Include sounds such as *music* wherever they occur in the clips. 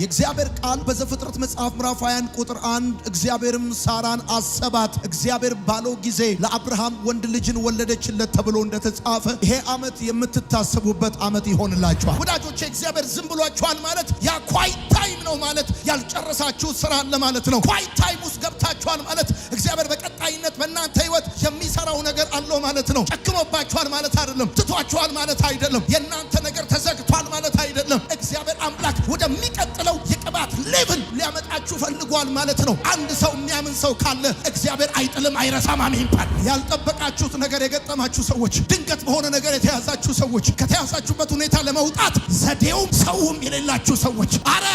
የእግዚአብሔር ቃል በዘፍጥረት መጽሐፍ ምዕራፍ ቁጥር 1 እግዚአብሔርም ሳራን አሰባት እግዚአብሔር ባለው ጊዜ ለአብርሃም ወንድ ልጅን ወለደችለት ተብሎ እንደተጻፈ ይሄ ዓመት የምትታሰቡበት ዓመት ይሆንላችኋል። ወዳጆቼ እግዚአብሔር ዝም ብሏችኋል ማለት ያ ኳይት ታይም ነው ማለት ያልጨረሳችሁ ስራ አለ ማለት ነው። ኳይት ታይም ውስጥ ገብታችኋል ማለት እግዚአብሔር በቀጣይነት በእናንተ ህይወት የሚሰራው ነገር አለው ማለት ነው። ጨክሞባችኋል ማለት አይደለም። ትቷችኋል ማለት አይደለም። የእናንተ ነገር ተዘግቷል ማለት አይደለም። እግዚአብሔር አምላክ ወደሚቀጥ የሚያቃጥለው የቅባት ሌብን ሊያመጣችሁ ፈልጓል ማለት ነው። አንድ ሰው የሚያምን ሰው ካለ እግዚአብሔር አይጥልም፣ አይረሳም። አሜን ይባል። ያልጠበቃችሁት ነገር የገጠማችሁ ሰዎች፣ ድንገት በሆነ ነገር የተያዛችሁ ሰዎች፣ ከተያዛችሁበት ሁኔታ ለመውጣት ዘዴውም ሰውም የሌላችሁ ሰዎች አረ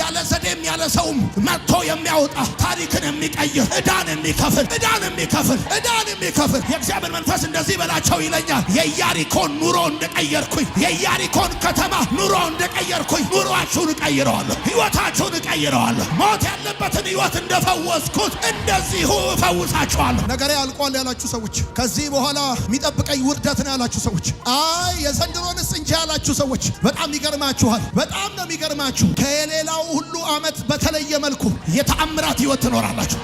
ያለ ዘዴም ያለ ሰውም መጥቶ የሚያወጣ ታሪክን የሚቀይር እዳን የሚከፍል እዳን የሚከፍል እዳን የሚከፍል የእግዚአብሔር መንፈስ እንደዚህ በላቸው ይለኛል። የኢያሪኮን ኑሮ እንደቀየርኩኝ፣ የኢያሪኮን ከተማ ኑሮ እንደቀየርኩኝ ኑሯችሁን ቀይር እቀይረዋለሁ። ህይወታችሁን እቀይረዋለሁ። ሞት ያለበትን ህይወት እንደፈወስኩት እንደዚሁ እፈውሳቸዋለሁ። ነገሬ አልቋል ያላችሁ ሰዎች፣ ከዚህ በኋላ የሚጠብቀኝ ውርደት ነው ያላችሁ ሰዎች፣ አይ የዘንድሮንስ እንጂ ያላችሁ ሰዎች በጣም ይገርማችኋል። በጣም ነው የሚገርማችሁ። ከሌላው ሁሉ ዓመት በተለየ መልኩ የተአምራት ህይወት ትኖራላችሁ።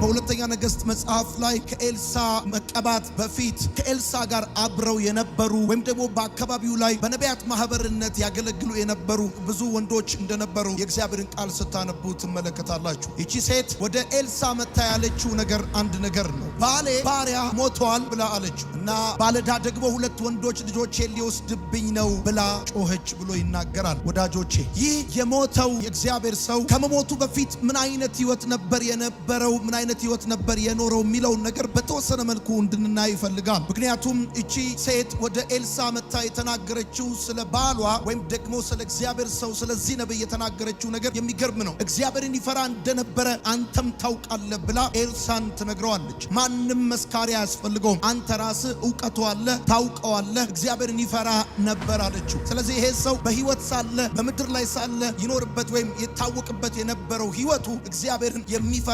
በሁለተኛ ነገሥት መጽሐፍ ላይ ከኤልሳ መቀባት በፊት ከኤልሳ ጋር አብረው የነበሩ ወይም ደግሞ በአካባቢው ላይ በነቢያት ማህበርነት ያገለግሉ የነበሩ ብዙ ወንዶች እንደነበሩ የእግዚአብሔርን ቃል ስታነቡ ትመለከታላችሁ። ይቺ ሴት ወደ ኤልሳ መታ ያለችው ነገር አንድ ነገር ነው። ባሌ ባሪያ ሞተዋል ብላ አለችው እና ባለዳ ደግሞ ሁለት ወንዶች ልጆቼ ሊወስድብኝ ነው ብላ ጮኸች ብሎ ይናገራል። ወዳጆቼ ይህ የሞተው የእግዚአብሔር ሰው ከመሞቱ በፊት ምን አይነት ህይወት ነበር የነበረው? ምን አይነት ህይወት ነበር የኖረው የሚለውን ነገር በተወሰነ መልኩ እንድንናይ ይፈልጋል። ምክንያቱም እቺ ሴት ወደ ኤልሳ መታ የተናገረችው ስለ ባሏ ወይም ደግሞ ስለ እግዚአብሔር ሰው ስለዚህ ነብይ የተናገረችው ነገር የሚገርም ነው። እግዚአብሔርን ይፈራ እንደነበረ አንተም ታውቃለ ብላ ኤልሳን ትነግረዋለች። ማንም መስካሪ አያስፈልገውም። አንተ ራስ እውቀቱ አለ፣ ታውቀዋለ እግዚአብሔርን ይፈራ ነበር አለችው። ስለዚህ ይሄ ሰው በህይወት ሳለ በምድር ላይ ሳለ ይኖርበት ወይም የታወቅበት የነበረው ህይወቱ እግዚአብሔርን የሚፈራ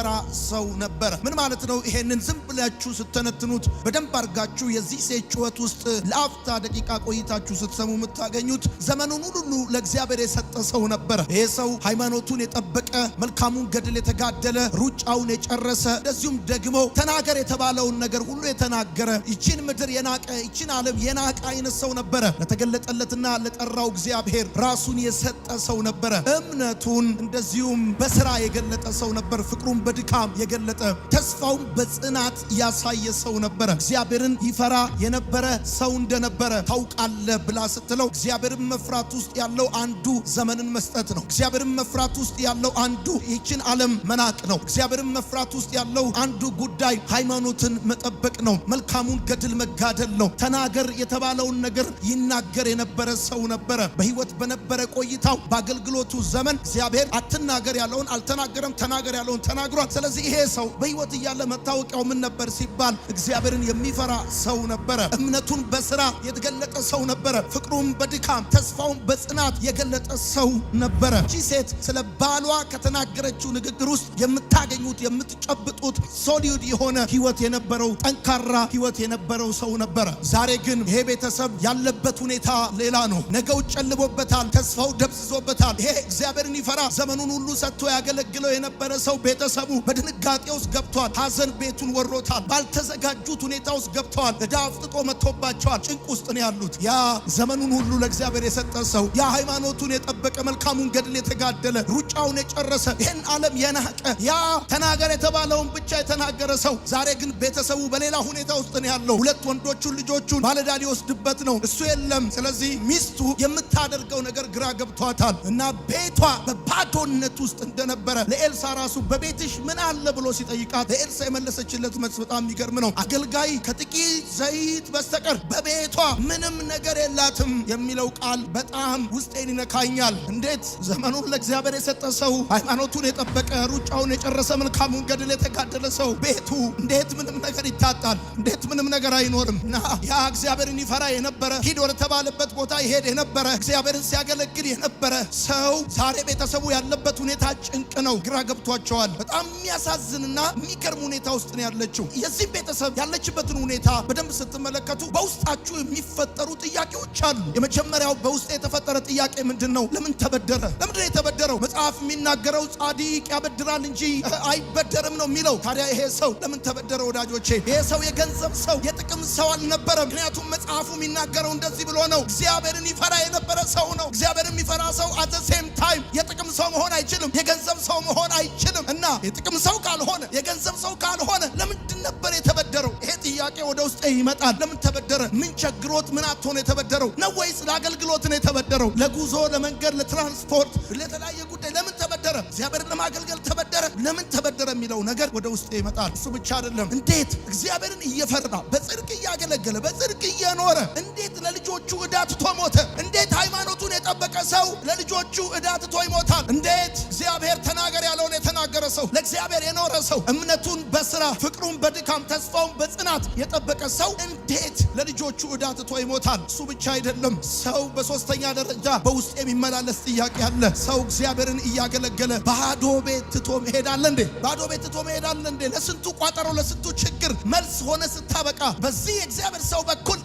ሰው ነበር ምን ማለት ነው? ይሄንን ዝም ብላችሁ ስተነትኑት በደንብ አድርጋችሁ የዚህ ሴት ጩኸት ውስጥ ለአፍታ ደቂቃ ቆይታችሁ ስትሰሙ የምታገኙት ዘመኑን ሁሉ ለእግዚአብሔር የሰጠ ሰው ነበር። ይሄ ሰው ሃይማኖቱን የጠበቀ መልካሙን ገድል የተጋደለ ሩጫውን የጨረሰ እንደዚሁም ደግሞ ተናገር የተባለውን ነገር ሁሉ የተናገረ ይችን ምድር የናቀ ይችን ዓለም የናቀ አይነት ሰው ነበረ። ለተገለጠለትና ለጠራው እግዚአብሔር ራሱን የሰጠ ሰው ነበረ። እምነቱን እንደዚሁም በስራ የገለጠ ሰው ነበር። ፍቅሩን በድካም የገለጠ የተጋፈጠ ተስፋውን በጽናት ያሳየ ሰው ነበረ። እግዚአብሔርን ይፈራ የነበረ ሰው እንደነበረ ታውቃለህ ብላ ስትለው እግዚአብሔርን መፍራት ውስጥ ያለው አንዱ ዘመንን መስጠት ነው። እግዚአብሔርን መፍራት ውስጥ ያለው አንዱ ይችን ዓለም መናቅ ነው። እግዚአብሔርን መፍራት ውስጥ ያለው አንዱ ጉዳይ ሃይማኖትን መጠበቅ ነው። መልካሙን ገድል መጋደል ነው። ተናገር የተባለውን ነገር ይናገር የነበረ ሰው ነበረ። በህይወት በነበረ ቆይታው በአገልግሎቱ ዘመን እግዚአብሔር አትናገር ያለውን አልተናገረም፣ ተናገር ያለውን ተናግሯል። ስለዚህ ይሄ ሰው ሰው በሕይወት እያለ መታወቂያው ምን ነበር ሲባል እግዚአብሔርን የሚፈራ ሰው ነበረ። እምነቱን በስራ የተገለጠ ሰው ነበረ። ፍቅሩም በድካም ተስፋውን በጽናት የገለጠ ሰው ነበረ። ቺ ሴት ስለ ባሏ ከተናገረችው ንግግር ውስጥ የምታገኙት የምትጨብጡት ሶሊድ የሆነ ሕይወት የነበረው ጠንካራ ሕይወት የነበረው ሰው ነበረ። ዛሬ ግን ይሄ ቤተሰብ ያለበት ሁኔታ ሌላ ነው። ነገው ጨልቦበታል። ተስፋው ደብዝዞበታል። ይሄ እግዚአብሔርን ይፈራ ዘመኑን ሁሉ ሰጥቶ ያገለግለው የነበረ ሰው ቤተሰቡ በድንጋጤ ውስጥ ገብቷል። ሐዘን ቤቱን ወሮታል። ባልተዘጋጁት ሁኔታ ውስጥ ገብተዋል። ዕዳ አፍጥጦ መጥቶባቸዋል። ጭንቅ ውስጥ ነው ያሉት። ያ ዘመኑን ሁሉ ለእግዚአብሔር የሰጠ ሰው፣ ያ ሃይማኖቱን የጠበቀ መልካሙን ገድል የተጋደለ ሩጫውን የጨረሰ ይህን ዓለም የናቀ ያ ተናገር የተባለውን ብቻ የተናገረ ሰው ዛሬ ግን ቤተሰቡ በሌላ ሁኔታ ውስጥ ነው ያለው። ሁለት ወንዶቹን ልጆቹን ማለዳ ሊወስድበት ነው፣ እሱ የለም። ስለዚህ ሚስቱ የምታደርገው ነገር ግራ ገብቷታል እና ቤቷ በባዶነት ውስጥ እንደነበረ ለኤልሳ ራሱ በቤትሽ ምን አለ ብሎ ሲጠይቃት ለኤልሳ የመለሰችለት መልስ በጣም የሚገርም ነው። አገልጋይ ከጥቂት ዘይት በስተቀር በቤቷ ምንም ነገር የላትም የሚለው ቃል በጣም ውስጤን ይነካኛል። እንዴት ዘመኑን ለእግዚአብሔር የሰጠ ሰው፣ ሃይማኖቱን የጠበቀ ሩጫውን የጨረሰ መልካሙን ገድል የተጋደለ ሰው ቤቱ እንዴት ምንም ነገር ይታጣል? እንዴት ምንም ነገር አይኖርም? እና ያ እግዚአብሔርን ይፈራ የነበረ ሂድ ወደተባለበት ቦታ ይሄድ የነበረ እግዚአብሔርን ሲያገለግል የነበረ ሰው ዛሬ ቤተሰቡ ያለበት ሁኔታ ጭንቅ ነው፣ ግራ ገብቷቸዋል። በጣም የሚያሳዝን እና የሚገርም ሁኔታ ውስጥ ነው ያለችው። የዚህ ቤተሰብ ያለችበትን ሁኔታ በደንብ ስትመለከቱ በውስጣችሁ የሚፈጠሩ ጥያቄዎች አሉ። የመጀመሪያው በውስጥ የተፈጠረ ጥያቄ ምንድን ነው? ለምን ተበደረ? ለምንድን የተበደረው? መጽሐፍ የሚናገረው ጻድቅ ያበድራል እንጂ *laughs* አይበደርም ነው የሚለው። ታዲያ ይሄ ሰው ለምን ተበደረ? ወዳጆቼ ይሄ ሰው የገንዘብ ሰው፣ የጥቅም ሰው አልነበረም። ምክንያቱም መጽሐፉ የሚናገረው እንደዚህ ብሎ ነው፣ እግዚአብሔርን ይፈራ የነበረ ሰው ነው። እግዚአብሔር የሚፈራ ሰው አት ሴም ታይም የጥቅም ሰው መሆን አይችልም፣ የገንዘብ ሰው መሆን አይችልም እና የጥቅም ሰው ካልሆነ ካልሆነ የገንዘብ ሰው ካልሆነ ለምንድን ነበር የተበደረው? ይሄ ጥያቄ ወደ ውስጥ ይመጣል። ለምን ተበደረ? ምን ቸግሮት ምን አጥቶ ነው የተበደረው ነው ወይስ ለአገልግሎት ነው የተበደረው? ለጉዞ፣ ለመንገድ፣ ለትራንስፖርት፣ ለተለያየ ጉዳይ ለምን ተበደረ? እግዚአብሔርን ለማገልገል ተበደረ፣ ለምን ተበደረ የሚለው ነገር ወደ ውስጥ ይመጣል። እሱ ብቻ አይደለም። እንዴት እግዚአብሔርን እየፈራ በጽድቅ እያገለገለ በጽድቅ እየኖረ እንዴት ለልጆቹ ዕዳ ትቶ ሞተ? እንዴት ሃይማኖቱን የጠበቀ ሰው ለልጆቹ ዕዳ ትቶ ይሞታል? እንዴት እግዚአብሔር ተናገር ያለውን የተናገረ ሰው ለእግዚአብሔር የኖረ ሰው እምነቱን በስራ ፍቅሩን በድካም ተስፋውን በጽናት የጠበቀ ሰው እንዴት ለልጆቹ ዕዳ ትቶ ይሞታል? እሱ ብቻ አይደለም። ሰው በሶስተኛ ደረጃ በውስጥ የሚመላለስ ጥያቄ አለ። ሰው እግዚአብሔርን እያገለገለ ባዶ ቤት ትቶ መሄዳለ እንዴ? ባዶ ቤት ትቶ መሄዳለ እንዴ? ለስንቱ ቋጠሮ፣ ለስንቱ ችግር መልስ ሆነ ስታበቃ በዚህ የእግዚአብሔር ሰው በኩል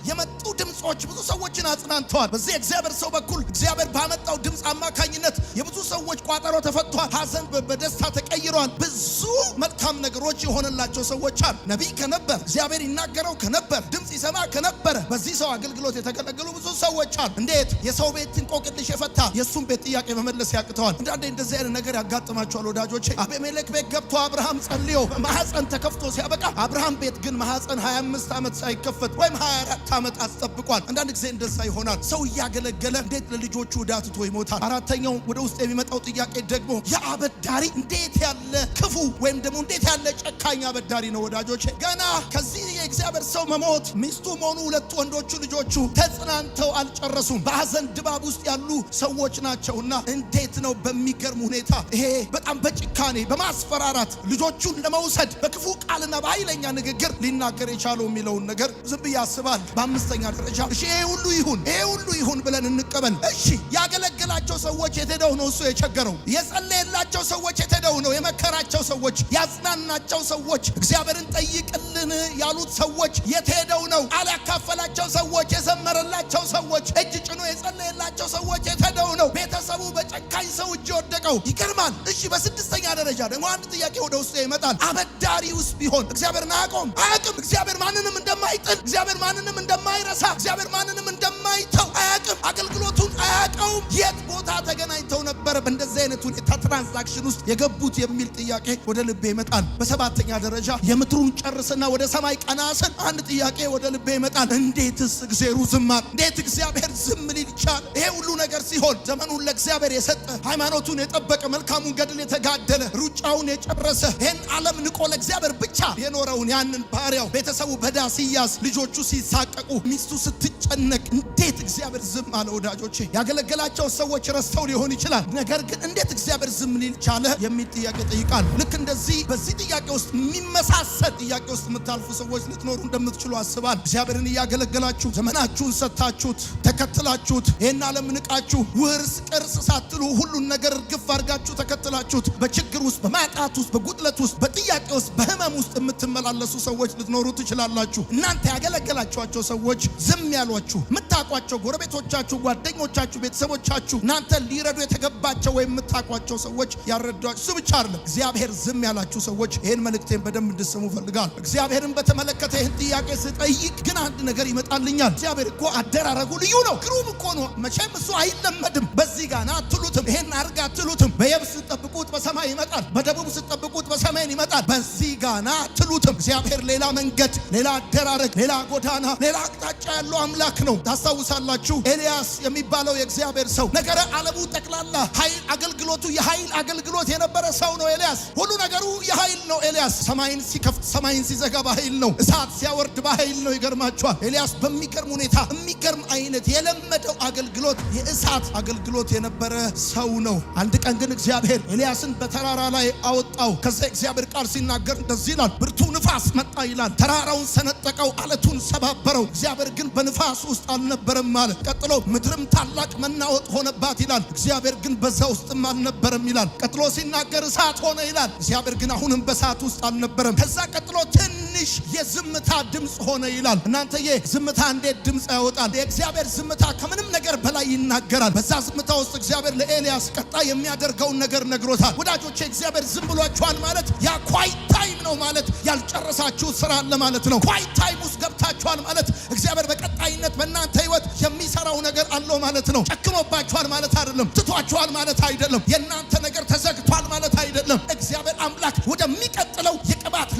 ድምጾች ብዙ ሰዎችን አጽናንተዋል። በዚህ እግዚአብሔር ሰው በኩል እግዚአብሔር ባመጣው ድምፅ አማካኝነት የብዙ ሰዎች ቋጠሮ ተፈቷል። ሐዘን በደስታ ተቀይሯል። ብዙ መልካም ነገሮች የሆነላቸው ሰዎች አሉ። ነቢይ ከነበር እግዚአብሔር ይናገረው ከነበር ድምፅ ይሰማ ከነበረ በዚህ ሰው አገልግሎት የተገለገሉ ብዙ ሰዎች አሉ። እንዴት የሰው ቤትን እንቆቅልሽ የፈታ የእሱን ቤት ጥያቄ መመለስ ያቅተዋል። አንዳንዴ እንደዚህ አይነት ነገር ያጋጥማቸዋል። ወዳጆች አቤሜሌክ ቤት ገብቶ አብርሃም ጸልዮ ማህፀን ተከፍቶ ሲያበቃ አብርሃም ቤት ግን ማህፀን 25 ዓመት ሳይከፈት ወይም 24 ዓመት አስጠብቋል። ይገባል። አንዳንድ ጊዜ እንደዛ ይሆናል። ሰው እያገለገለ እንዴት ለልጆቹ ዕዳ ትቶ ይሞታል? አራተኛው ወደ ውስጥ የሚመጣው ጥያቄ ደግሞ የአበዳሪ እንዴት ያለ ክፉ ወይም ደግሞ እንዴት ያለ ጨካኝ አበዳሪ ነው ወዳጆቼ ገና ከዚህ የእግዚአብሔር ሰው መሞት ሚስቱ ሆኑ ሁለት ወንዶቹ ልጆቹ ተጽናንተው አልጨረሱም። በሐዘን ድባብ ውስጥ ያሉ ሰዎች ናቸውና እንዴት ነው በሚገርም ሁኔታ ይሄ በጣም በጭካኔ በማስፈራራት ልጆቹን ለመውሰድ በክፉ ቃልና በኃይለኛ ንግግር ሊናገር የቻለው የሚለውን ነገር ዝም ብዬ ያስባል። በአምስተኛ ደረጃ እሺ ይሄ ሁሉ ይሁን ይሄ ሁሉ ይሁን ብለን እንቀበል። እሺ ያገለገላቸው ሰዎች የተደው ነው እሱ የቸገረው የጸለየላቸው ሰዎች የተደው ነው የመከራቸው ሰዎች ያጽናናቸው ሰዎች እግዚአብሔርን ጠይቅልን ያሉት የሰጡት ሰዎች የት ሄደው ነው? ቃል ያካፈላቸው ሰዎች፣ የዘመረላቸው ሰዎች፣ እጅ ጭኖ የጸለየላቸው ሰዎች የት ሄደው ነው? ቤተሰቡ በጨካኝ ሰው እጅ የወደቀው ይገርማል። እሺ፣ በስድስተኛ ደረጃ ደግሞ አንድ ጥያቄ ወደ ውስጥ ይመጣል። ውስጥ ቢሆን እግዚአብሔርን አያውቀውም? አያውቅም። እግዚአብሔር ማንንም እንደማይጥል፣ እግዚአብሔር ማንንም እንደማይረሳ፣ እግዚአብሔር ማንንም እንደማይተው አያውቅም። አገልግሎቱን አያውቀውም። የት ቦታ ተገናኝተው ነበር በእንደዚህ አይነት ሁኔታ ትራንዛክሽን ውስጥ የገቡት የሚል ጥያቄ ወደ ልቤ ይመጣል። በሰባተኛ ደረጃ የምትሩን ጨርስና ወደ ሰማይ ቀን አናሰን አንድ ጥያቄ ወደ ልቤ ይመጣል። እንዴትስ እግዜሩ ዝም እንዴት እግዚአብሔር ዝም ሊል ይቻል? ይሄ ሁሉ ነገር ሲሆን ዘመኑን ለእግዚአብሔር የሰጠ ሃይማኖቱን የጠበቀ መልካሙን ገድል የተጋደለ ሩጫውን የጨረሰ ይህን ዓለም ንቆ ለእግዚአብሔር ብቻ የኖረውን ያንን ባሪያው ቤተሰቡ በዳ ሲያዝ፣ ልጆቹ ሲሳቀቁ፣ ሚስቱ ስትጨነቅ እንዴት እግዚአብሔር ዝም አለ? ወዳጆቼ ያገለገላቸው ሰዎች ረስተው ሊሆን ይችላል። ነገር ግን እንዴት እግዚአብሔር ዝም ሊል ቻለ የሚል ጥያቄ ጠይቃል። ልክ እንደዚህ በዚህ ጥያቄ ውስጥ የሚመሳሰል ጥያቄ ውስጥ የምታልፉ ሰዎች ልትኖሩ እንደምትችሉ አስባል። እግዚአብሔርን እያገለገላችሁ ዘመናችሁን ሰጥታችሁት ተከትላችሁት ይህን ዓለም ንቃችሁ ውርስ ቅርስ ሳት ስትሉ ሁሉን ነገር እርግፍ አድርጋችሁ ተከትላችሁት በችግር ውስጥ፣ በማጣት ውስጥ፣ በጉድለት ውስጥ፣ በጥያቄ ውስጥ፣ በህመም ውስጥ የምትመላለሱ ሰዎች ልትኖሩ ትችላላችሁ። እናንተ ያገለገላችኋቸው ሰዎች ዝም ያሏችሁ፣ የምታውቋቸው ጎረቤቶቻችሁ፣ ጓደኞቻችሁ፣ ቤተሰቦቻችሁ እናንተ ሊረዱ የተገባቸው ወይም የምታውቋቸው ሰዎች ያረዷችሁ። እሱ ብቻ አይደለም እግዚአብሔር ዝም ያላችሁ ሰዎች ይህን መልእክቴን በደንብ እንድትሰሙ ፈልጋል። እግዚአብሔርን በተመለከተ ይህን ጥያቄ ስጠይቅ ግን አንድ ነገር ይመጣልኛል። እግዚአብሔር እኮ አደራረጉ ልዩ ነው፣ ግሩም እኮ ነው። መቼም እሱ አይለመድም። በዚህ ጋና አትሉ አትሉትም፣ ይሄን አድርግ አትሉትም። በየብስ ስትጠብቁት በሰማይ ይመጣል፣ በደቡብ ስትጠብቁት በሰሜን ይመጣል። በዚህ ጋና አትሉትም። እግዚአብሔር ሌላ መንገድ፣ ሌላ አደራረግ፣ ሌላ ጎዳና፣ ሌላ አቅጣጫ ያለው አምላክ ነው። ታስታውሳላችሁ ኤልያስ የሚባለው የእግዚአብሔር ሰው ነገረ ዓለሙ ጠቅላላ ኃይል አገልግሎቱ የኃይል አገልግሎት የነበረ ሰው ነው ኤልያስ። ሁሉ ነገሩ የኃይል ነው ኤልያስ። ሰማይን ሲከፍት ሰማይን ሲዘጋ በኃይል ነው። እሳት ሲያወርድ በኃይል ነው። ይገርማችኋል ኤልያስ በሚገርም ሁኔታ የሚገርም አይነት የለመደው አገልግሎት የእሳት አገልግሎት የነበረ ሰው ነው። አንድ ቀን ግን እግዚአብሔር ኤልያስን በተራራ ላይ አወጣው። ከዛ እግዚአብሔር ቃል ሲናገር እንደዚህ ይላል፣ ብርቱ ንፋስ መጣ ይላል። ተራራውን ሰነጠቀው፣ አለቱን ሰባበረው። እግዚአብሔር ግን በንፋስ ውስጥ አልነበረም ማለት። ቀጥሎ ምድርም ታላቅ መናወጥ ሆነባት ይላል። እግዚአብሔር ግን በዛ ውስጥም አልነበረም ይላል። ቀጥሎ ሲናገር እሳት ሆነ ይላል። እግዚአብሔር ግን አሁንም በእሳት ውስጥ አልነበረም። ከዛ ቀጥሎ ትንሽ የዝምታ ድምፅ ሆነ ይላል። እናንተዬ ዝምታ እንዴት ድምፅ ያወጣል? የእግዚአብሔር ዝምታ ከምንም ነገር በላይ ይናገራል። በዛ ዝምታ ውስጥ እግዚአብሔር ከኤልያስ ቀጣይ የሚያደርገውን ነገር ነግሮታል። ወዳጆች እግዚአብሔር ዝም ብሏችኋል ማለት ያ ኳይ ታይም ነው ማለት ያልጨረሳችሁ ስራ አለ ማለት ነው። ኳይት ታይም ውስጥ ገብታችኋል ማለት እግዚአብሔር በቀጣይነት በእናንተ ህይወት የሚሰራው ነገር አለው ማለት ነው። ጨክኖባችኋል ማለት አይደለም። ትቷችኋል ማለት አይደለም። የእናንተ ነገር ተዘግቷል ማለት አይደለም። እግዚአብሔር አምላክ ወደሚቀጥለው የቅባት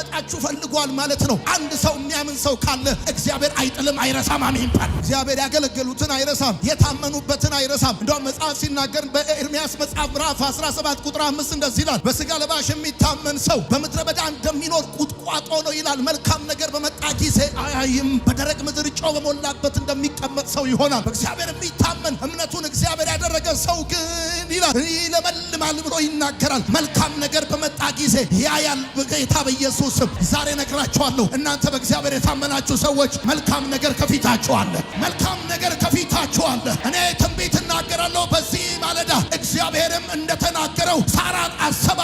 ሊያመጣችሁ ፈልጓል ማለት ነው። አንድ ሰው የሚያምን ሰው ካለ እግዚአብሔር አይጥልም፣ አይረሳም። አሜን ባል እግዚአብሔር ያገለገሉትን አይረሳም፣ የታመኑበትን አይረሳም። እንደውም መጽሐፍ ሲናገር በኤርሚያስ መጽሐፍ ምዕራፍ 17 ቁጥር 5 እንደዚህ ይላል፣ በስጋ ለባሽ የሚታመን ሰው በምድረ በዳ እንደሚኖር ቁጥቋጦ ነው ይላል። መልካም ነገር በመጣ ጊዜ አያይም፣ በደረቅ ምድር ጨው በሞላበት እንደሚቀመጥ ሰው ይሆናል። በእግዚአብሔር የሚታመን እምነቱን እግዚአብሔር ያደረገ ሰው ግን ይላል ይለመልማል ብሎ ይናገራል። መልካም ነገር በመጣ ጊዜ ያያል። ጌታ በኢየሱስ በኢየሱስ ስም ዛሬ ነግራችኋለሁ። እናንተ በእግዚአብሔር የታመናችሁ ሰዎች መልካም ነገር ከፊታችሁ አለ። መልካም ነገር ከፊታችሁ አለ። እኔ ትንቢት እናገራለሁ። በዚህ ማለዳ እግዚአብሔርም እንደተናገረው ሳራን አሰባ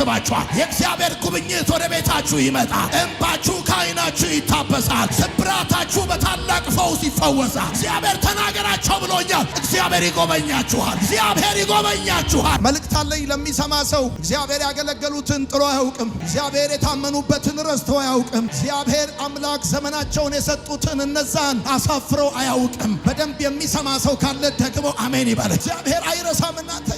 ይሰበስባችኋል። የእግዚአብሔር ጉብኝት ወደ ቤታችሁ ይመጣል። እንባችሁ ከዓይናችሁ ይታበሳል። ስብራታችሁ በታላቅ ፈውስ ይፈወሳል። እግዚአብሔር ተናገራቸው ብሎኛል። እግዚአብሔር ይጎበኛችኋል። እግዚአብሔር ይጎበኛችኋል። መልእክት አለኝ ለሚሰማ ሰው እግዚአብሔር ያገለገሉትን ጥሎ አያውቅም። እግዚአብሔር የታመኑበትን ረስቶ አያውቅም። እግዚአብሔር አምላክ ዘመናቸውን የሰጡትን እነዛን አሳፍረው አያውቅም። በደንብ የሚሰማ ሰው ካለ ደግሞ አሜን ይበል። እግዚአብሔር አይረሳምናት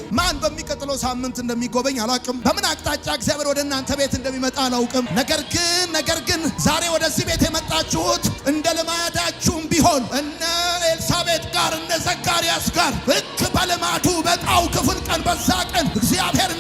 ቶሎ ሳምንት እንደሚጎበኝ አላውቅም። በምን አቅጣጫ እግዚአብሔር ወደ እናንተ ቤት እንደሚመጣ አላውቅም። ነገር ግን ነገር ግን ዛሬ ወደዚህ ቤት የመጣችሁት እንደ ልማዳችሁም ቢሆን እነ ኤልሳቤት ጋር እነ ዘካርያስ ጋር ልክ በልማዱ በጣው ክፍል ቀን በዛ ቀን እግዚአብሔር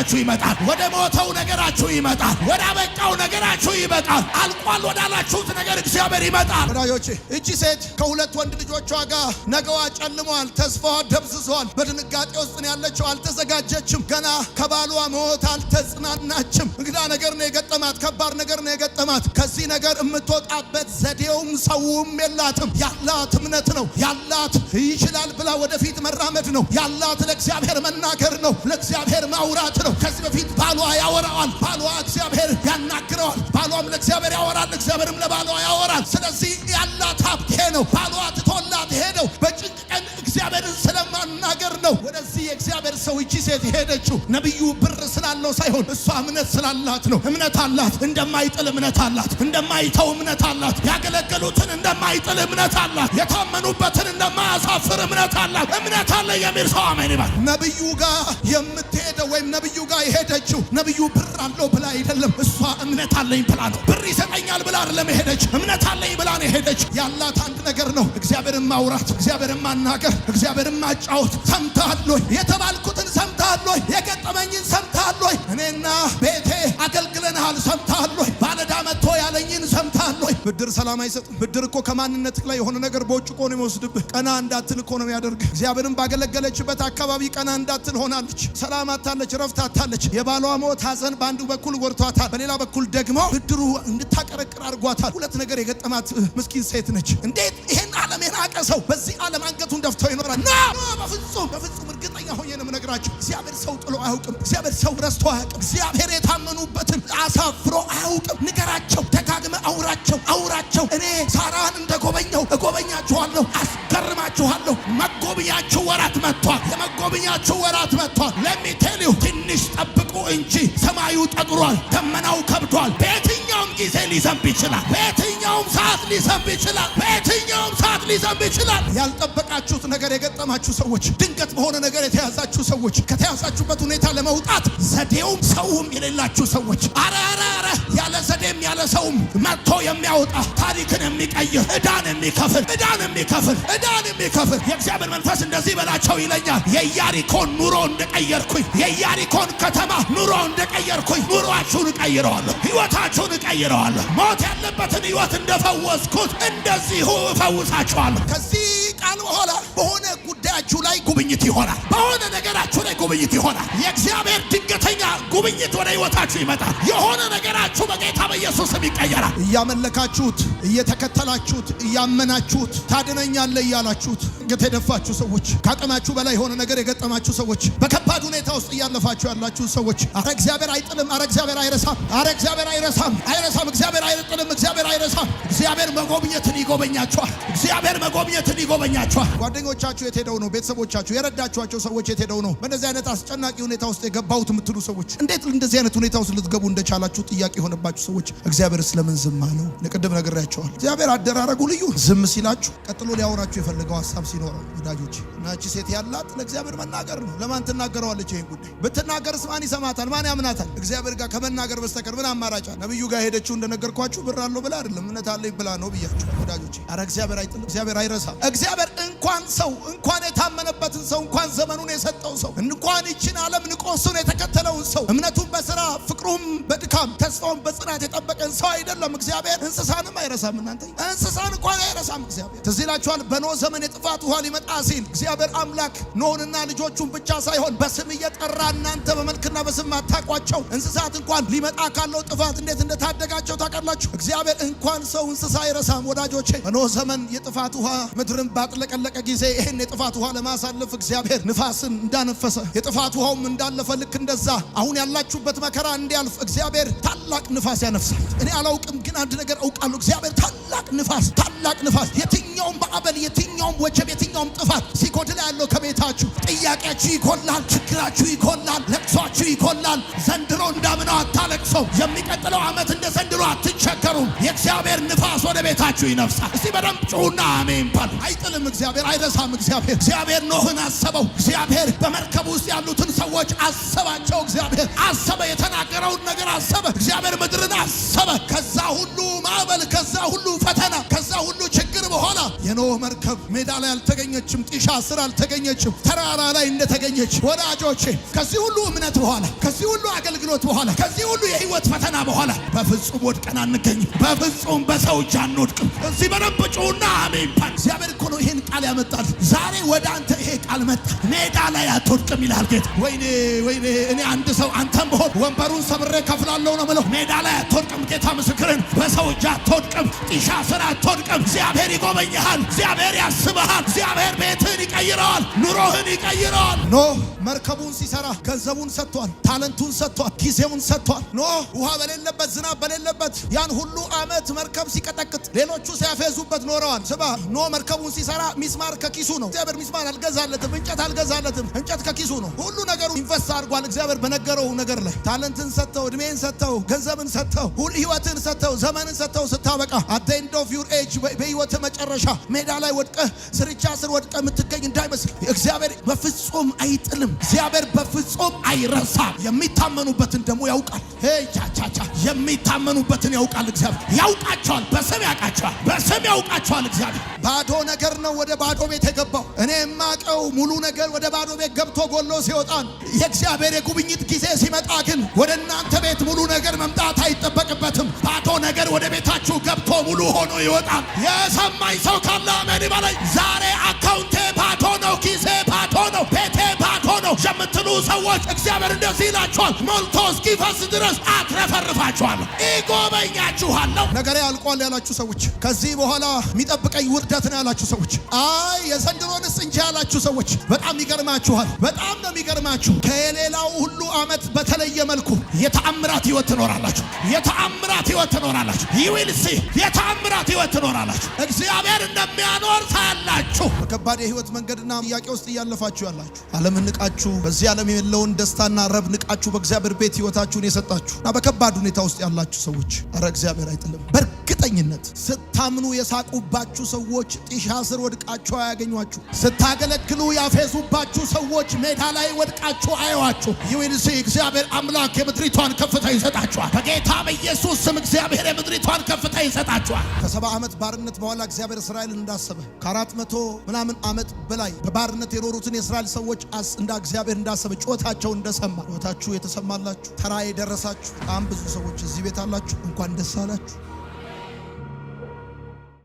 ነገራችሁ ይመጣል። ወደ ሞተው ነገራችሁ ይመጣል። ወደ አበቃው ነገራችሁ ይመጣል። አልቋል ወዳላችሁት ነገር እግዚአብሔር ይመጣል። ወዳጆቼ እቺ ሴት ከሁለት ወንድ ልጆቿ ጋር ነገዋ ጨልሟል። ተስፋዋ ደብዝዟል። በድንጋጤ ውስጥ ነው ያለችው። አልተዘጋጀችም። ገና ከባሏ ሞት አልተጽናናችም። እንግዳ ነገር ነው የገጠማት። ከባድ ነገር ነው የገጠማት። ከዚህ ነገር የምትወጣበት ዘዴውም ሰውም የላትም። ያላት እምነት ነው ያላት ይችላል ብላ ወደፊት መራመድ ነው ያላት ለእግዚአብሔር መናገር ነው ለእግዚአብሔር ማውራት ነው። ነው። ከዚህ በፊት ባሏ ያወራዋል፣ ባሏ እግዚአብሔር ያናግረዋል፣ ባሏም ለእግዚአብሔር ያወራል፣ እግዚአብሔርም ለባሏ ያወራል። ስለዚህ ያላት ሀብት ይሄ ነው። ባሏ ትቶላት ሄደው በጭንቅ ቀን እግዚአብሔርን ስለማናገር ነው። ወደዚህ የእግዚአብሔር ሰው እቺ ሴት የሄደችው ነቢዩ ብር ስላለው ሳይሆን እሷ እምነት ስላላት ነው። እምነት አላት፣ እንደማይጥል እምነት አላት፣ እንደማይተው እምነት አላት፣ ያገለገሉትን እንደማይጥል እምነት አላት፣ የታመኑበትን እንደማያሳፍር እምነት አላት። እምነት አለ የሚል ሰው አሜን ይባል። ነቢዩ ጋር የምትሄደው ወይም ነቢዩ ጋር የሄደችው ነቢዩ ብር አለው ብላ አይደለም። እሷ እምነት አለኝ ብላ ነው። ብር ይሰጠኛል ብላ አይደለም የሄደች፣ እምነት አለኝ ብላ ነው የሄደች። ያላት አንድ ነገር ነው፣ እግዚአብሔርን ማውራት፣ እግዚአብሔርን ማናገር እግዚአብሔር ማጫወት ሰምተሃል ወይ? የተባልኩትን ሰምተሃል ወይ? የገጠመኝን ሰምተሃል ወይ? እኔና ቤቴ አገልግለንሃል ሰምተሃል ወይ? ባለዳ መጥቶ ያለኝን ሰምተሃል ወይ? ብድር ሰላም አይሰጥም። ብድር እኮ ከማንነት ላይ የሆነ ነገር በውጭ እኮ ነው የሚወስድብህ። ቀና እንዳትል እኮ ነው የሚያደርግ። እግዚአብሔርን ባገለገለችበት አካባቢ ቀና እንዳትል ሆናለች። ሰላም አታለች፣ ረፍት አታለች። የባሏ ሞት ሀዘን በአንዱ በኩል ወርቷታል፣ በሌላ በኩል ደግሞ ብድሩ እንድታቀረቅር አድርጓታል። ሁለት ነገር የገጠማት ምስኪን ሴት ነች። እንዴት ይሄን ዓለም የራቀ ሰው በዚህ ዓለም አንገቱን ደፍተው ይኖራል። ና በፍጹም በፍጹም እርግጠኛ ሆኜ ነው የምነግራችሁ። እግዚአብሔር ሰው ጥሎ አያውቅም። እግዚአብሔር ሰው ረስቶ አያውቅም። እግዚአብሔር የታመኑበትን አሳፍሮ አያውቅም። ንገራቸው፣ ደጋግመ አውራቸው፣ አውራቸው። እኔ ሳራን እንደጎበኘው እጎበኛችኋለሁ፣ አስገርማችኋለሁ የመጎብኛችሁ ወራት መጥቷል። የመጎብኛችሁ ወራት መጥቷል። ለሚቴልሁ ትንሽ ጠብቁ እንጂ ሰማዩ ጠግሯል፣ ደመናው ከብዷል። በየትኛውም ጊዜ ሊዘንብ ይችላል። በየትኛውም ሰዓት ሊዘንብ ይችላል። በየትኛውም ሰዓት ሊዘንብ ይችላል። ያልጠበቃችሁት ነገር የገጠማችሁ ሰዎች፣ ድንገት በሆነ ነገር የተያዛችሁ ሰዎች፣ ከተያዛችሁበት ሁኔታ ለመውጣት ዘዴውም ሰውም የሌላችሁ ሰዎች አረ አረ ያለ ዘዴም ያለ ሰውም መጥቶ የሚያወጣ ታሪክን የሚቀይር ዕዳን የሚከፍል ዕዳን የሚከፍል ዕዳን የሚከፍል የእግዚአብሔር መንፈስ እንደዚህ በላቸው ይለኛል። የኢያሪኮን ኑሮ እንደቀየርኩኝ፣ የኢያሪኮን ከተማ ኑሮ እንደቀየርኩኝ፣ ኑሯችሁን እቀይረዋለሁ፣ ሕይወታችሁን እቀይረዋለሁ። ሞት ያለበትን ሕይወት እንደፈወስኩት እንደዚሁ እፈውሳችኋለሁ። ከዚህ ቃል በኋላ በሆነ ጉዳያችሁ ላይ ጉብኝት ይሆናል። በሆነ ነገራችሁ ላይ ጉብኝት ይሆናል። የእግዚአብሔር ድንገተኛ ጉብኝት ወደ ህይወታችሁ ይመጣል። የሆነ ነገራችሁ በጌታ በኢየሱስም ይቀየራል። እያመለካችሁት፣ እየተከተላችሁት፣ እያመናችሁት ታድነኛለ እያላችሁት ድንገት የደፋችሁ ሰዎች፣ ከአቅማችሁ በላይ የሆነ ነገር የገጠማችሁ ሰዎች፣ በከባድ ሁኔታ ውስጥ እያለፋችሁ ያላችሁ ሰዎች አረ እግዚአብሔር አይጥልም፣ አረ እግዚአብሔር አይረሳም፣ አረ እግዚአብሔር አይረሳም፣ አይረሳም፣ እግዚአብሔር አይጥልም፣ እግዚአብሔር አይረሳም። እግዚአብሔር መጎብኘትን ይጎበኛችኋል። እግዚአብሔር መጎብኘትን ይጎበኛችኋል። ጓደኞቻችሁ የት ሄደው ነው? ቤተሰቦቻችሁ የረዳችኋቸው ሰዎች የት ሄደው ነው በእንደዚህ አይነት አስጨናቂ ሁኔታ ውስጥ የገባሁት የምትሉ ሰዎች እንዴት እንደዚህ አይነት ሁኔታ ውስጥ ልትገቡ እንደቻላችሁ ጥያቄ የሆነባችሁ ሰዎች እግዚአብሔር ስለምን ዝም አለው? ለቅድም ነግሬያቸዋል። እግዚአብሔር አደራረጉ ልዩ ዝም ሲላችሁ ቀጥሎ ሊያወራችሁ የፈለገው ሀሳብ ሲኖረው ወዳጆች እና እቺ ሴት ያላት ለእግዚአብሔር መናገር ነው። ለማን ትናገረዋለች? ይህን ጉዳይ ብትናገርስ ማን ይሰማታል? ማን ያምናታል? እግዚአብሔር ጋር ከመናገር በስተቀር ምን አማራጫ? ነብዩ ጋር ሄደችው እንደነገርኳችሁ ብር አለው ብላ አይደለም እምነት አለኝ ብላ ነው ብያችሁ ወዳጆች። አረ እግዚአብሔር አይጥልም፣ እግዚአብሔር አይረሳም። እግዚአብሔር እንኳን ሰው እንኳን የታመነበትን ሰው እንኳን ዘመኑን የሰጠው ሰው እንኳን ይችን ዓለም ንቆ እሱን የተከተለውን ሰው እምነቱን በስራ ፍቅሩም በድካም ተስፋውን በጽናት የጠበቀን ሰው አይደለም እግዚአብሔር። እንስሳንም አይረሳም። እናንተ እንስሳን እንኳን አይረሳም እግዚአብሔር። ትዝ ይላችኋል ዘመን የጥፋት ውሃ ሊመጣ ሲል እግዚአብሔር አምላክ ኖህንና ልጆቹን ብቻ ሳይሆን በስም እየጠራ እናንተ በመልክና በስም አታቋቸው እንስሳት እንኳን ሊመጣ ካለው ጥፋት እንዴት እንደታደጋቸው ታውቃላችሁ። እግዚአብሔር እንኳን ሰው እንስሳ አይረሳም። ወዳጆቼ በኖ ዘመን የጥፋት ውሃ ምድርን ባጥለቀለቀ ጊዜ ይህን የጥፋት ውሃ ለማሳለፍ እግዚአብሔር ንፋስን እንዳነፈሰ የጥፋት ውሃውም እንዳለፈ ልክ እንደዛ አሁን ያላችሁበት መከራ እንዲያልፍ እግዚአብሔር ታላቅ ንፋስ ያነፍሳል። እኔ አላውቅም፣ ግን አንድ ነገር አውቃለሁ። እግዚአብሔር ታላቅ ንፋስ ታላቅ ንፋስ የትኛውም ማዕበል፣ የትኛውም ወጀብ፣ የትኛውም ጥፋት ሲኮድላ ያለው ከቤታችሁ ጥያቄያችሁ ይኮላል፣ ችግራችሁ ይኮላል፣ ለቅሷችሁ ይኮላል። ዘንድሮ እንዳምነው አታለቅሰው። የሚቀጥለው ዓመት እንደ ዘንድሮ አትች አትቀሩም። የእግዚአብሔር ንፋስ ወደ ቤታችሁ ይነፍሳል። እስቲ በደንብ ጩሁና አሜን በሉ። አይጥልም እግዚአብሔር፣ አይረሳም እግዚአብሔር። እግዚአብሔር ኖህን አሰበው። እግዚአብሔር በመርከብ ውስጥ ያሉትን ሰዎች አሰባቸው። እግዚአብሔር አሰበ፣ የተናገረውን ነገር አሰበ። እግዚአብሔር ምድርን አሰበ። ከዛ ሁሉ ማዕበል፣ ከዛ ሁሉ ፈተና፣ ከዛ ሁሉ ችግር በኋላ የኖህ መርከብ ሜዳ ላይ አልተገኘችም፣ ጢሻ ስር አልተገኘችም፣ ተራራ ላይ እንደተገኘች ወዳጆቼ ከዚህ ሁሉ እምነት በኋላ ከዚህ ሁሉ አገልግሎት በኋላ ከዚህ ሁሉ የህይወት ፈተና በኋላ በፍጹም ወድቀን አንገኝም። በፍጹም በሰው እጅ አንወድቅም። እዚህ በደንብ ጩና አሜን ባል። እግዚአብሔር እኮ ነው ይሄን ቃል ያመጣል። ዛሬ ወደ አንተ ይሄ ቃል መጣ። ሜዳ ላይ አትወድቅም ይላል ጌታ። ወይኔ ወይኔ! እኔ አንድ ሰው አንተም ብሆን ወንበሩን ሰብሬ ከፍላለሁ ነው ምለው። ሜዳ ላይ አትወድቅም። ጌታ ምስክርን፣ በሰው እጅ አትወድቅም። ጢሻ ስር አትወድቅም። እግዚአብሔር ይጎበኝሃል። እግዚአብሔር ያስበሃል። እግዚአብሔር ቤትህን ይቀይረዋል። ኑሮህን ይቀይረዋል። ኖ መርከቡን ሲሰራ ገንዘቡን ሰጥቷል፣ ታለንቱን ሰጥቷል፣ ጊዜውን ሰጥቷል። ኖ ውሃ በሌለበት ዝናብ በሌለበት ያን ሁሉ ዓመት መርከብ ሲቀጠቅጥ ሌሎቹ ሲያፌዙበት ኖረዋል። ስማ ኖህ መርከቡን ሲሰራ ሚስማር ከኪሱ ነው። እግዚአብሔር ሚስማር አልገዛለትም፣ እንጨት አልገዛለትም። እንጨት ከኪሱ ነው። ሁሉ ነገሩ ኢንቨስት አድርጓል። እግዚአብሔር በነገረው ነገር ላይ ታለንትን ሰጥተው፣ እድሜን ሰጥተው፣ ገንዘብን ሰጥተው፣ ሁሉ ህይወትን ሰጥተው፣ ዘመንን ሰጥተው ስታበቃ አት ዘ ኤንድ ኦፍ ዩር ኤጅ በህይወት መጨረሻ ሜዳ ላይ ወድቀህ ስርቻ ስር ወድቀህ የምትገኝ እንዳይመስል እግዚአብሔር በፍጹም አይጥልም። አይጥልም። እግዚአብሔር በፍጹም አይረሳም። የሚታመኑበትን ደግሞ ያውቃል። ቻቻቻ የሚታመኑበትን ያውቃል። እግዚአብሔር ያውቃቸዋል። በስም ያውቃቸዋል። በስም ያውቃቸዋል። እግዚአብሔር ባዶ ነገር ነው ወደ ባዶ ቤት የገባው። እኔ የማቀው ሙሉ ነገር ወደ ባዶ ቤት ገብቶ ጎሎ ሲወጣ ነው። የእግዚአብሔር የጉብኝት ጊዜ ሲመጣ ግን ወደ እናንተ ቤት ሙሉ ነገር መምጣት አይጠበቅበትም። ባዶ ነገር ወደ ቤታችሁ ገብቶ ሙሉ ሆኖ ይወጣል። የሰማኝ ሰው ካለ አሜን ይበለኝ። ዛሬ አካውንቴ ባዶ ነው ጊዜ የምትሉ ሰዎች እግዚአብሔር እንደዚህ ይላችኋል፣ ሞልቶ እስኪፈስ ድረስ አትረፈርፋችኋለሁ፣ ይጎበኛችኋለሁ። ነገሬ አልቋል ያላችሁ ሰዎች፣ ከዚህ በኋላ የሚጠብቀኝ ውርደት ነው ያላችሁ ሰዎች፣ አይ የዘንድሮንስ እንጂ ያላችሁ ሰዎች በጣም ይገርማችኋል። በጣም ነው የሚገርማችሁ። ከሌላው ሁሉ ዓመት በተለየ መልኩ የተአምራት ህይወት ትኖራላችሁ። የተአምራት ህይወት ትኖራላችሁ። ይዊልሲ የተአምራት ህይወት ትኖራላችሁ። እግዚአብሔር እንደሚያኖር ታያላችሁ። በከባድ የህይወት መንገድና ጥያቄ ውስጥ እያለፋችሁ ያላችሁ ዓለምን ያላችሁ በዚህ ዓለም የሌለውን ደስታና ረብ ንቃችሁ በእግዚአብሔር ቤት ህይወታችሁን የሰጣችሁ እና በከባድ ሁኔታ ውስጥ ያላችሁ ሰዎች አረ እግዚአብሔር አይጥልም። በእርግጠኝነት ስታምኑ የሳቁባችሁ ሰዎች ጢሻ ስር ወድቃችሁ አያገኟችሁ። ስታገለግሉ ያፌዙባችሁ ሰዎች ሜዳ ላይ ወድቃችሁ አያዋችሁ። ይሁንሲ እግዚአብሔር አምላክ የምድሪቷን ከፍታ ይሰጣችኋል። በጌታ በኢየሱስ ስም እግዚአብሔር የምድሪቷን ከፍታ ይሰጣችኋል። ከሰባ ዓመት ባርነት በኋላ እግዚአብሔር እስራኤልን እንዳሰበ ከአራት መቶ ምናምን ዓመት በላይ በባርነት የኖሩትን የእስራኤል ሰዎች እንዳ እግዚአብሔር እንዳሰበ ጩኸታቸው እንደሰማ ጩኸታችሁ የተሰማላችሁ ተራ የደረሳችሁ በጣም ብዙ ሰዎች እዚህ ቤት አላችሁ። እንኳን ደስ አላችሁ።